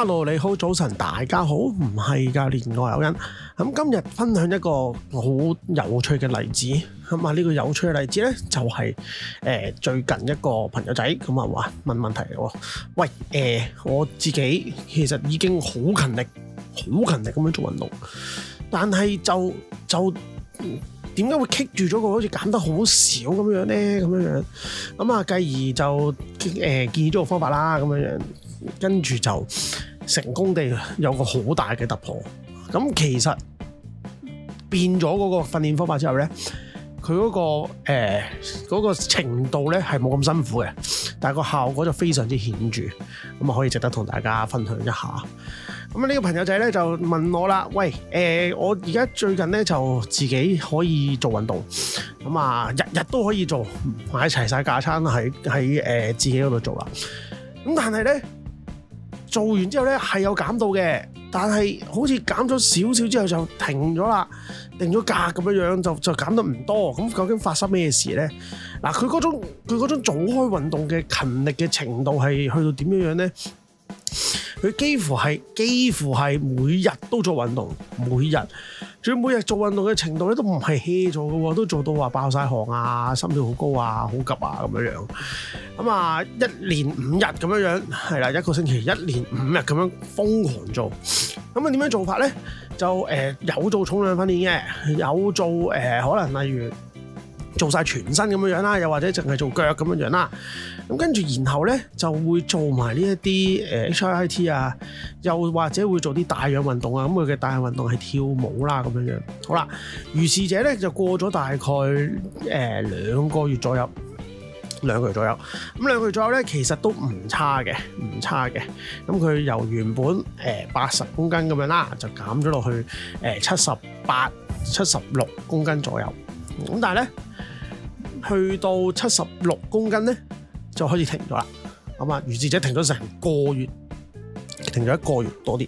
Hello，你好，早晨，大家好，唔係噶，教練我 Owen，咁今日分享一個好有趣嘅例子，咁啊呢個有趣嘅例子咧就係、是、誒最近一個朋友仔咁啊，話問問題喎，喂誒、呃、我自己其實已經好勤力，好勤力咁樣做運動，但係就就點解會棘住咗個好似減得好少咁樣咧咁樣樣，咁啊繼而就誒建議咗個方法啦咁樣樣，跟住就。成功地有個好大嘅突破，咁其實變咗嗰個訓練方法之後咧，佢嗰、嗰個誒、呃嗰個、程度咧係冇咁辛苦嘅，但係個效果就非常之顯著，咁啊可以值得同大家分享一下。咁呢個朋友仔咧就問我啦，喂，誒、呃、我而家最近咧就自己可以做運動，咁啊日日都可以做，買齊晒架餐喺喺誒自己嗰度做啦。咁但係咧。做完之後呢，係有減到嘅，但係好似減咗少少之後就停咗啦，定咗價咁樣樣就就減得唔多。咁究竟發生咩事呢？嗱，佢嗰種佢嗰種早開運動嘅勤力嘅程度係去到點樣樣呢？佢幾乎係幾乎係每日都做運動，每日仲要每日做運動嘅程度咧，都唔係 hea 做嘅喎，都做到話爆晒汗啊，心跳好高啊，好急啊咁樣樣。咁啊，一連五日咁樣樣，係啦，一個星期一連五日咁樣瘋狂做。咁啊，點樣做法咧？就誒、呃、有做重量訓練嘅，有做誒、呃、可能例如。做晒全身咁樣樣啦，又或者淨係做腳咁樣樣啦。咁跟住，然後咧就會做埋呢一啲誒 H I T 啊，又或者會做啲帶氧運動啊。咁佢嘅帶氧運動係跳舞啦咁樣樣。好啦，於是者咧就過咗大概誒兩個月左右，兩個月左右，咁兩個月左右咧，其實都唔差嘅，唔差嘅。咁佢由原本誒八十公斤咁樣啦，就減咗落去誒七十八、七十六公斤左右。咁但係咧～去到七十六公斤咧，就開始停咗啦。咁啊，於是者停咗成個月，停咗一個月多啲。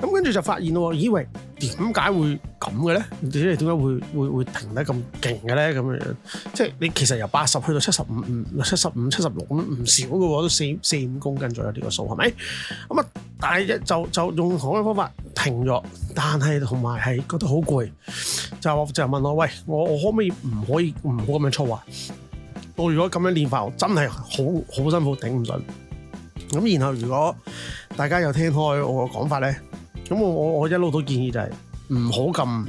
咁跟住就發現咯，咦，喂，點解會咁嘅咧？即係點解會會會停得咁勁嘅咧？咁嘅樣，即係你其實由八十去到七十五，唔七十五七十六咁，唔少嘅喎，都四四五公斤左右呢個數係咪？咁啊。但係一就就用同一方法停咗，但係同埋係覺得好攰，就就問我喂，我我可唔可以唔可以唔好咁樣操啊？我如果咁樣練法，我真係好好辛苦，頂唔順。咁然後如果大家有聽開我嘅講法咧，咁我我我一路都建議就係唔好咁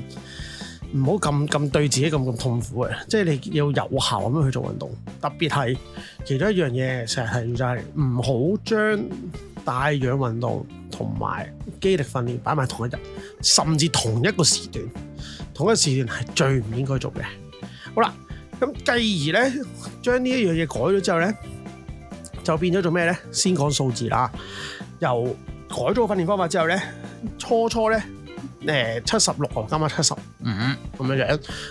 唔好咁咁對自己咁咁痛苦嘅，即係你要有效咁樣去做運動。特別係其中一樣嘢成日提就係唔好將帶氧運動同埋肌力訓練擺埋同一日，甚至同一個時段，同一時段係最唔應該做嘅。好啦，咁繼而咧，將呢一樣嘢改咗之後咧，就變咗做咩咧？先講數字啦，由改咗個訓練方法之後咧，初初咧誒七十六啊，啱啱七十五咁樣樣，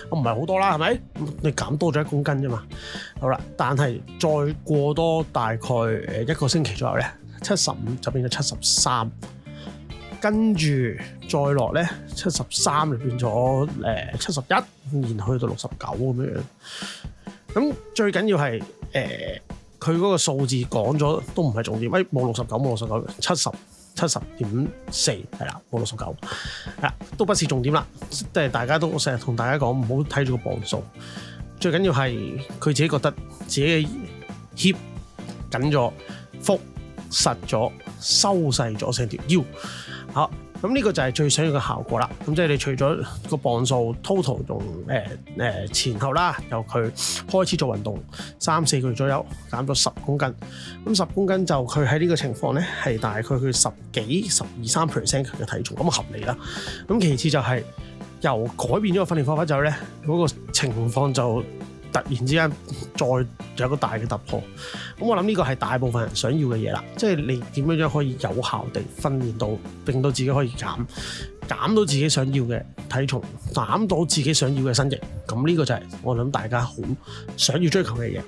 咁唔係好多啦，係咪？你減多咗一公斤啫嘛。好啦，但係再過多大概誒一個星期左右咧。七十五就變咗七十三，跟住再落咧，七十三就變咗誒七十一，然後去到六十九咁樣。咁最緊要係誒，佢嗰個數字講咗都唔係重點。喂、哎，冇六十九，冇六十九，七十七十點四係啦，冇六十九，都不是重點啦。即大家都成日同大家講，唔好睇住個磅數，最緊要係佢自己覺得自己協緊咗。實咗收細咗成條腰，好，咁呢個就係最想要嘅效果啦。咁即係你除咗個磅數 total 同、呃呃、前後啦，由佢開始做運動三四個月左右減咗十公斤，咁十公斤就佢喺呢個情況咧，係大概佢十幾十二三 percent 嘅體重，咁合理啦。咁其次就係由改變咗個訓練方法之後咧，嗰個情況就。突然之間再有一個大嘅突破，咁我諗呢個係大部分人想要嘅嘢啦，即係你點樣樣可以有效地訓練到，令到自己可以減減到自己想要嘅體重，減到自己想要嘅身型，咁呢個就係我諗大家好想要追求嘅嘢。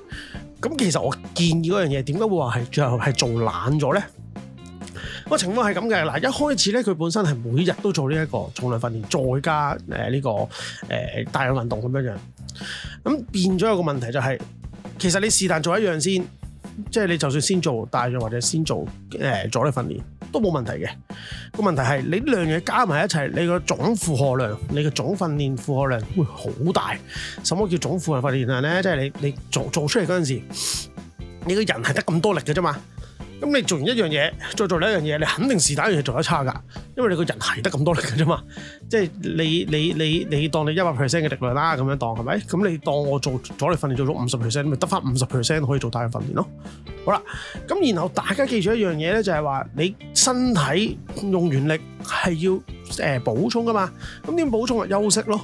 咁其實我建議嗰樣嘢點解會話係最後係做懶咗咧？個情況係咁嘅，嗱，一開始咧佢本身係每日都做呢一個重量訓練，再加誒呢、呃這個誒、呃、大量運動咁樣樣。咁變咗有個問題就係、是，其實你是但做一樣先，即係你就算先做帶氧或者先做誒、呃、阻力訓練都冇問題嘅。個問題係你兩樣加埋一齊，你個總負荷量、你個總訓練負荷量會好大。什麼叫總負荷訓練量呢？即係你你做，做出嚟嗰陣時候，你個人係得咁多力嘅啫嘛。咁你做完一樣嘢，再做另一樣嘢，你肯定是第一樣嘢做得差噶，因為你個人係得咁多力嘅啫嘛。即係你你你你當你一百 percent 嘅力量啦，咁樣當係咪？咁你當我做咗你訓練做咗五十 percent，咪得翻五十 percent 可以做第二個訓練咯。好啦，咁然後大家記住一樣嘢咧，就係話你身體用完力係要誒、呃、補充噶嘛。咁點補充啊？休息咯。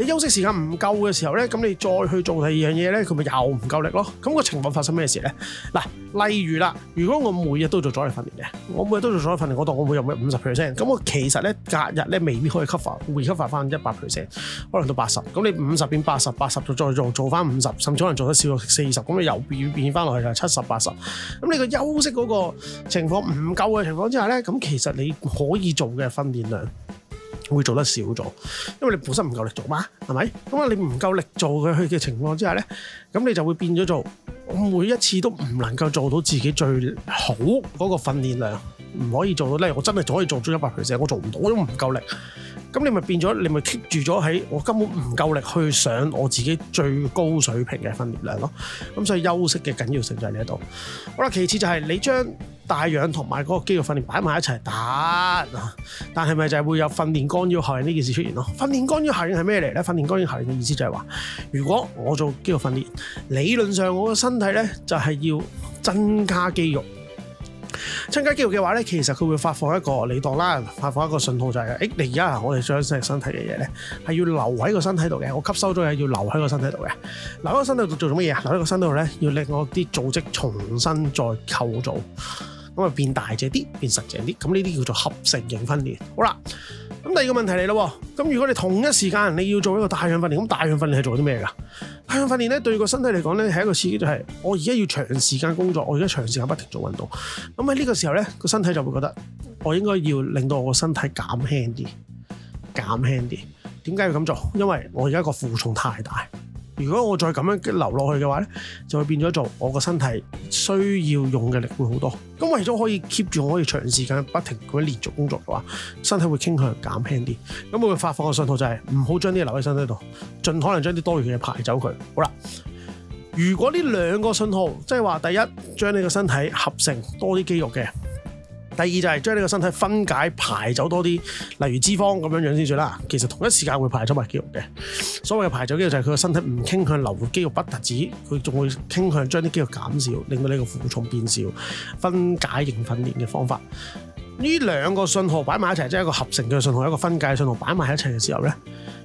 你休息時間唔夠嘅時候咧，咁你再去做第二樣嘢咧，佢咪又唔夠力咯？咁個情況發生咩事咧？嗱，例如啦，如果我每日都做阻力訓練嘅，我每日都做阻力訓練嗰度，我每日五十 percent，咁我其實咧隔日咧未必可以 cover，會 cover 翻一百 percent，可能到八十。咁你五十變八十，八十就再做做翻五十，甚至可能做得少到四十，咁你又變變翻落去就七十八十。咁你個休息嗰個情況唔夠嘅情況之下咧，咁其實你可以做嘅訓練量。會做得少咗，因為你本身唔夠力做嘛是，係咪？咁啊，你唔夠力做佢去嘅情況之下咧，咁你就會變咗做，每一次都唔能夠做到自己最好嗰個訓練量，唔可以做到咧。我真係可以做足一百 percent 我做唔到，我都唔夠力。咁你咪變咗，你咪 keep 住咗喺，我根本唔夠力去上我自己最高水平嘅訓練量咯。咁所以休息嘅緊要性就喺呢度。好啦，其次就係你將。帶氧同埋嗰個肌肉訓練擺埋一齊打，但係咪就係會有訓練干擾效應呢件事出現咯？訓練干擾效應係咩嚟呢？訓練干擾效應嘅意思就係話，如果我做肌肉訓練，理論上我個身體呢就係、是、要增加肌肉。增加肌肉嘅話呢，其實佢會發放一個你當啦，發放一個信號、就是，就係誒你而家我哋將身體嘅嘢呢，係要留喺個身體度嘅。我吸收咗嘢要留喺個身體度嘅，留喺個身體度做做乜嘢？留喺個身體度呢，要令我啲組織重新再構造。咁啊，變大隻啲，變實淨啲，咁呢啲叫做合成型訓練。好啦，咁第二個問題嚟咯。咁如果你同一時間你要做一個大量訓練，咁大量訓練係做啲咩噶？大量訓練咧，對個身體嚟講咧係一個刺激，就係我而家要長時間工作，我而家長時間不停做運動。咁喺呢個時候咧，個身體就會覺得我應該要令到我個身體減輕啲，減輕啲。點解要咁做？因為我而家個負重太大。如果我再咁樣流落去嘅話呢，就會變咗做我個身體需要用嘅力會好多。咁為咗可以 keep 住我可以長時間不停咁樣連續工作嘅話，身體會傾向減輕啲。咁我會發放嘅信號就係唔好將啲嘢留喺身體度，盡可能將啲多餘嘅嘢排走佢。好啦，如果呢兩個信號，即係話第一將你個身體合成多啲肌肉嘅。第二就係將呢個身體分解排走多啲，例如脂肪咁樣樣先算啦。其實同一時間會排走埋肌肉嘅，所謂嘅排走肌肉就係佢個身體唔傾向留肌肉不，不特止佢仲會傾向將啲肌肉減少，令到你個負重變少。分解型訓練嘅方法，呢兩個信號擺埋一齊，即係一個合成嘅信號，一個分解信號擺埋一齊嘅時候呢。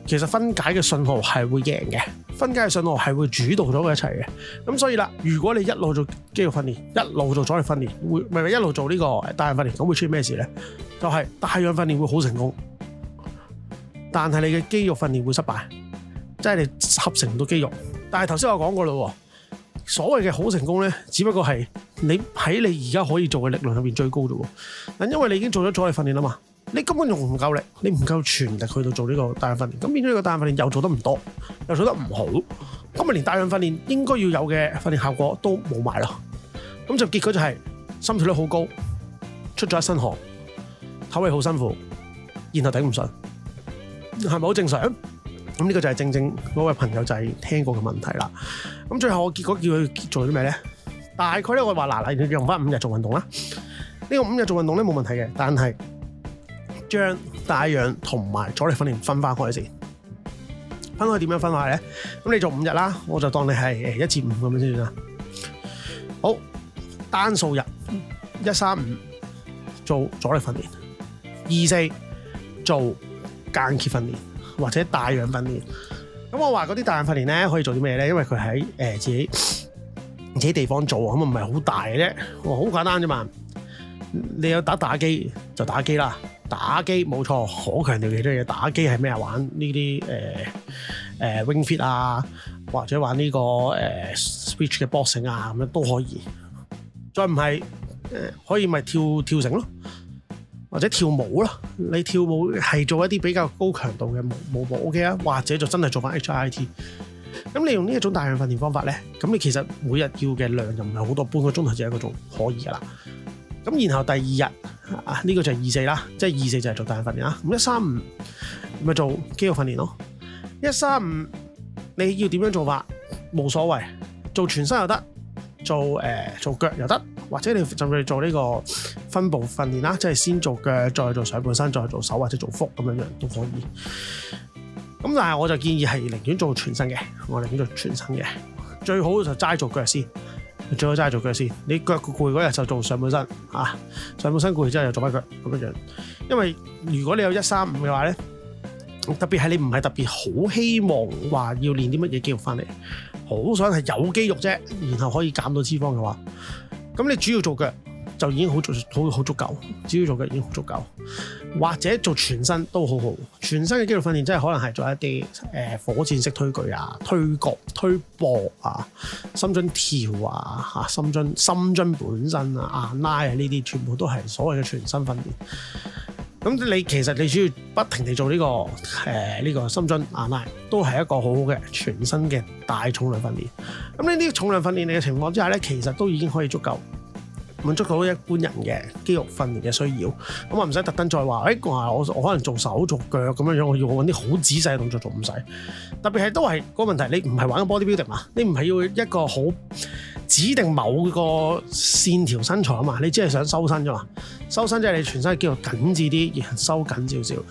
其實分解嘅信號係會贏嘅，分解嘅信號係會主導咗佢一齊嘅。咁所以啦，如果你一路做肌肉訓練，一路做阻力訓練，會唔係咪一路做呢個帶氧訓練，咁會出現咩事咧？就係帶氧訓練會好成功，但係你嘅肌肉訓練會失敗，即係你合成唔到肌肉。但係頭先我講過啦，所謂嘅好成功咧，只不過係你喺你而家可以做嘅力量入面最高啫。嗱，因為你已經做咗阻力訓練啦嘛。你根本用唔夠力，你唔夠全力去到做呢個大量訓練，咁變咗呢個大量訓練又做得唔多，又做得唔好，咁咪連大量訓練應該要有嘅訓練效果都冇埋咯。咁就結果就係、是、心跳率好高，出咗一身汗，體位好辛苦，然後頂唔順，係咪好正常？咁呢個就係正正嗰位朋友就係聽過嘅問題啦。咁最後我結果叫佢做啲咩咧？大概咧我話嗱，你用返五日做運動啦。呢、這個五日做運動咧冇問題嘅，但係。將帶氧同埋阻力訓練分化開先，分開點樣分化咧？咁你做五日啦，我就當你係一至五咁樣先算啦。好，單數日一三五做阻力訓練，二四做間歇訓練或者帶氧訓練。咁我話嗰啲帶氧訓練咧可以做啲咩咧？因為佢喺誒自己自己地方做，咁啊唔係好大嘅啫，好簡單啫嘛。你有打打機就打機啦。打機冇錯，好強調幾多嘢？打機係咩啊？玩呢啲誒誒、呃呃、WingFit 啊，或者玩呢、這個誒、呃、Switch 嘅 boxing 啊，咁樣都可以。再唔係誒，可以咪跳跳繩咯，或者跳舞咯。你跳舞係做一啲比較高強度嘅舞舞步 OK 啊，或者就真係做翻 HIIT。咁你用呢一種大量訓練方法咧，咁你其實每日要嘅量就唔係好多，半個鐘頭就一個鐘可以噶啦。咁然後第二日啊，呢、這個就係二四啦，即係二四就係做大型訓練啊。咁一三五咪做肌肉訓練咯。一三五你要點樣做法？冇所謂，做全身又得，做誒、呃、做腳又得，或者你甚至做呢個分部訓練啦，即係先做腳，再做上半身，再做手或者做腹咁樣樣都可以。咁但係我就建議係寧願做全身嘅，我寧願做全身嘅，最好就齋做腳先。最好齋係做腳先，你腳攰嗰日就做上半身，啊上半身攰之後又做翻腳咁樣樣。因為如果你有一三五嘅話咧，特別係你唔係特別好希望話要練啲乜嘢肌肉翻嚟，好想係有肌肉啫，然後可以減到脂肪嘅話，咁你主要做腳。就已經好足，好好足夠。只要做嘅已經足夠，或者做全身都好好。全身嘅肌肉訓練即係可能係做一啲誒、呃、火箭式推舉啊、推角、推膊啊、深蹲跳啊、嚇深蹲深蹲本身啊、硬拉啊呢啲，全部都係所謂嘅全身訓練。咁你其實你主要不停地做呢、這個誒呢、呃這個深蹲硬拉，啊、9, 都係一個好好嘅全身嘅大重量訓練。咁呢啲重量訓練你嘅情況之下咧，其實都已經可以足夠。滿足到一般人嘅肌肉訓練嘅需要，咁啊，唔使特登再話，誒、哎、我我可能做手做腳咁樣樣，我要揾啲好仔細嘅動作做唔使。特別係都係、個問題，你唔係玩 bodybuilding 嘛？你唔係要一個好指定某個線條身材啊嘛？你只係想收身咋嘛？收身即係你全身嘅肌肉緊緻啲，而收緊少少。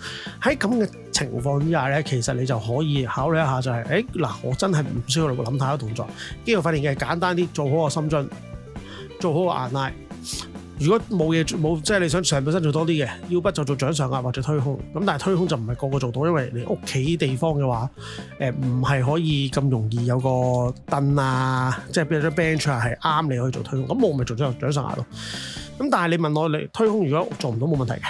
喺咁嘅情況之下咧，其實你就可以考慮一下就係、是，誒、哎、嗱，我真係唔需要諗太多動作，肌肉訓練嘅簡單啲，做好個深蹲，做好個硬拉。如果冇嘢冇即係，你想上半身做多啲嘅，要不就做掌上壓或者推胸咁，但係推胸就唔係個個做到，因為你屋企地方嘅話，誒唔係可以咁容易有個凳啊，即係變咗 bench 係啱你去做推胸，咁我咪做咗掌上壓咯。咁但係你問我你推胸如果做唔到冇問題嘅，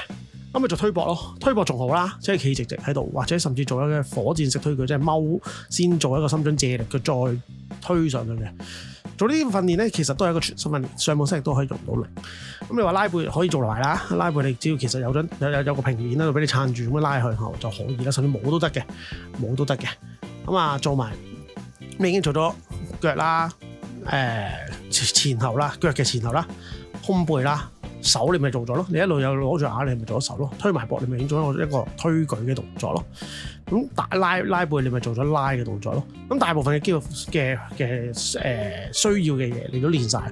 咁咪做推膊咯，推膊仲好啦，即係企直直喺度，或者甚至做一啲火箭式推舉，即係踎先做一個深蹲借力，佢再推上去嘅。做呢啲訓練咧，其實都係一個全身訓練，上半身亦都可以用到力。咁你話拉背可以做落嚟啦，拉背你只要其實有咗有有有個平面咧，就俾你撐住咁拉去後就可以啦。甚至冇都得嘅，冇都得嘅。咁啊，做埋你已經做咗腳啦，誒、呃、前後啦，腳嘅前後啦，胸背啦。手你咪做咗咯，你一路有攞住牙，你咪做咗手咯，推埋膊你咪影咗一個推舉嘅動作咯。咁大拉拉背你咪做咗拉嘅動作咯。咁大部分嘅肌肉嘅嘅、呃、需要嘅嘢你都練晒。咁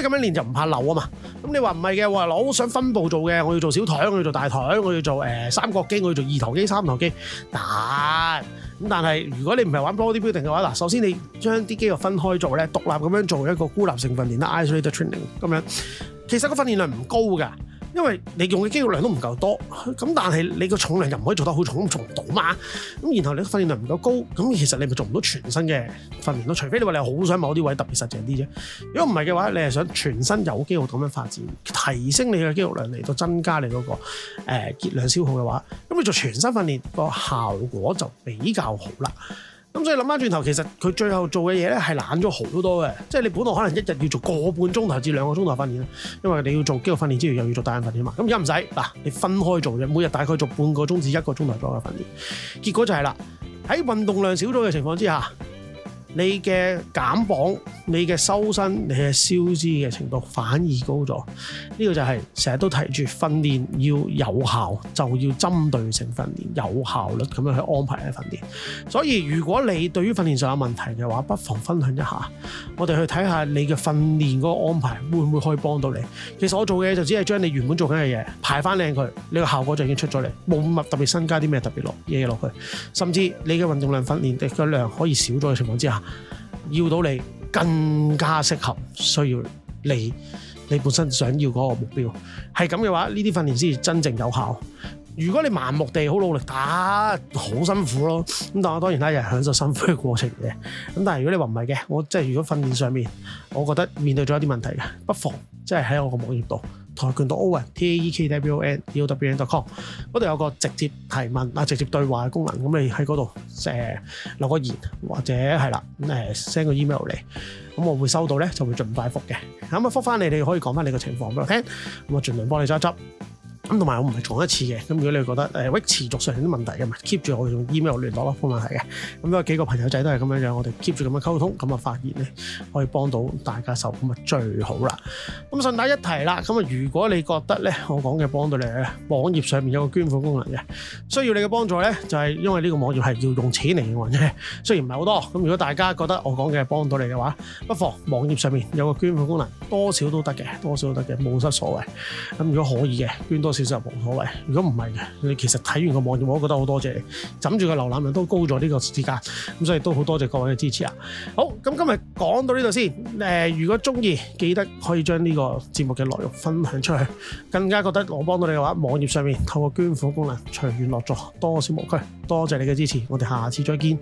你咁樣練就唔怕扭啊嘛。咁你話唔係嘅話，我想分部做嘅，我要做小腿，我要做大腿，我要做、呃、三角肌，我要做二頭肌、三頭肌。咁但係如果你唔係玩 bodybuilding 嘅話，嗱，首先你將啲肌肉分開做咧，獨立咁樣做一個孤立性訓練，練得，isolated training 咁樣。其實個訓練量唔高㗎，因為你用嘅肌肉量都唔夠多，咁但係你個重量又唔可以做得好重，咁重唔到嘛。咁然後你嘅訓練量唔夠高，咁其實你咪做唔到全身嘅訓練咯。除非你話你好想某啲位特別實淨啲啫。如果唔係嘅話，你係想全身有肌肉咁樣發展，提升你嘅肌肉量嚟到增加你嗰個熱量消耗嘅話，咁你做全身訓練個效果就比較好啦。咁所以諗翻轉頭，其實佢最後做嘅嘢咧，係懶咗好多嘅。即係你本來可能一日要做個半鐘頭至兩個鐘頭訓練啦，因為你要做肌肉訓練之餘又要做帶氧訓練嘛。咁而家唔使嗱，你分開做啫，每日大概做半個鐘至一個鐘頭左右訓練，結果就係啦，喺運動量少咗嘅情況之下。你嘅減磅、你嘅修身、你嘅消脂嘅程度反而高咗，呢個就係成日都提住訓練要有效，就要針對性訓練、有效率咁樣去安排嘅訓練。所以如果你對於訓練上有問題嘅話，不妨分享一下，我哋去睇下你嘅訓練嗰個安排會唔會可以幫到你。其實我做嘅嘢就只係將你原本做緊嘅嘢排翻靚佢，你個效果就已經出咗嚟，冇乜特別新加啲咩特別落嘢落去，甚至你嘅運動量訓練、訓練嘅量可以少咗嘅情況之下。要到你更加適合，需要你你本身想要嗰個目標，係咁嘅話，呢啲訓練先真正有效。如果你盲目地好努力打，好辛苦咯。咁但係當然啦，有人享受辛苦嘅過程嘅。咁但係如果你話唔係嘅，我即係如果訓練上面，我覺得面對咗一啲問題嘅，不妨即係喺我個網頁度。跆拳道 Owen T A E K W O N D O W E N 點 com 嗰度有個直接提問啊，直接對話嘅功能，咁你喺嗰度誒留個言或者係啦，咁 send、呃、個 email 嚟，咁我會收到咧就會盡快覆嘅，咁啊覆返你，你可以講返你個情況俾我聽，咁我盡量幫你執一執。咁同埋我唔係講一次嘅，咁如果你覺得誒、呃、持續上有啲問題嘅，咪 keep 住我哋用 email 聯絡咯，冇問題嘅。咁有幾個朋友仔都係咁樣樣，我哋 keep 住咁樣溝通，咁嘅發現咧，可以幫到大家手，咁啊最好啦。咁順帶一提啦，咁啊如果你覺得咧我講嘅幫到你咧，網頁上面有個捐款功能嘅，需要你嘅幫助咧，就係、是、因為呢個網頁係要用錢嚟嘅。用嘅，雖然唔係好多。咁如果大家覺得我講嘅幫到你嘅話，不妨網頁上面有個捐款功能，多少都得嘅，多少都得嘅，冇失所謂。咁如果可以嘅，捐多少？其實就冇所謂。如果唔係嘅，你其實睇完個網頁，我覺得好多謝你。枕住個瀏覽量都高咗呢個時間，咁所以都好多謝各位嘅支持啊。好，咁今日講到呢度先。誒、呃，如果中意，記得可以將呢個節目嘅內容分享出去，更加覺得我幫到你嘅話，網頁上面透過捐款功能隨緣樂助，多謝無區，多謝你嘅支持。我哋下次再見。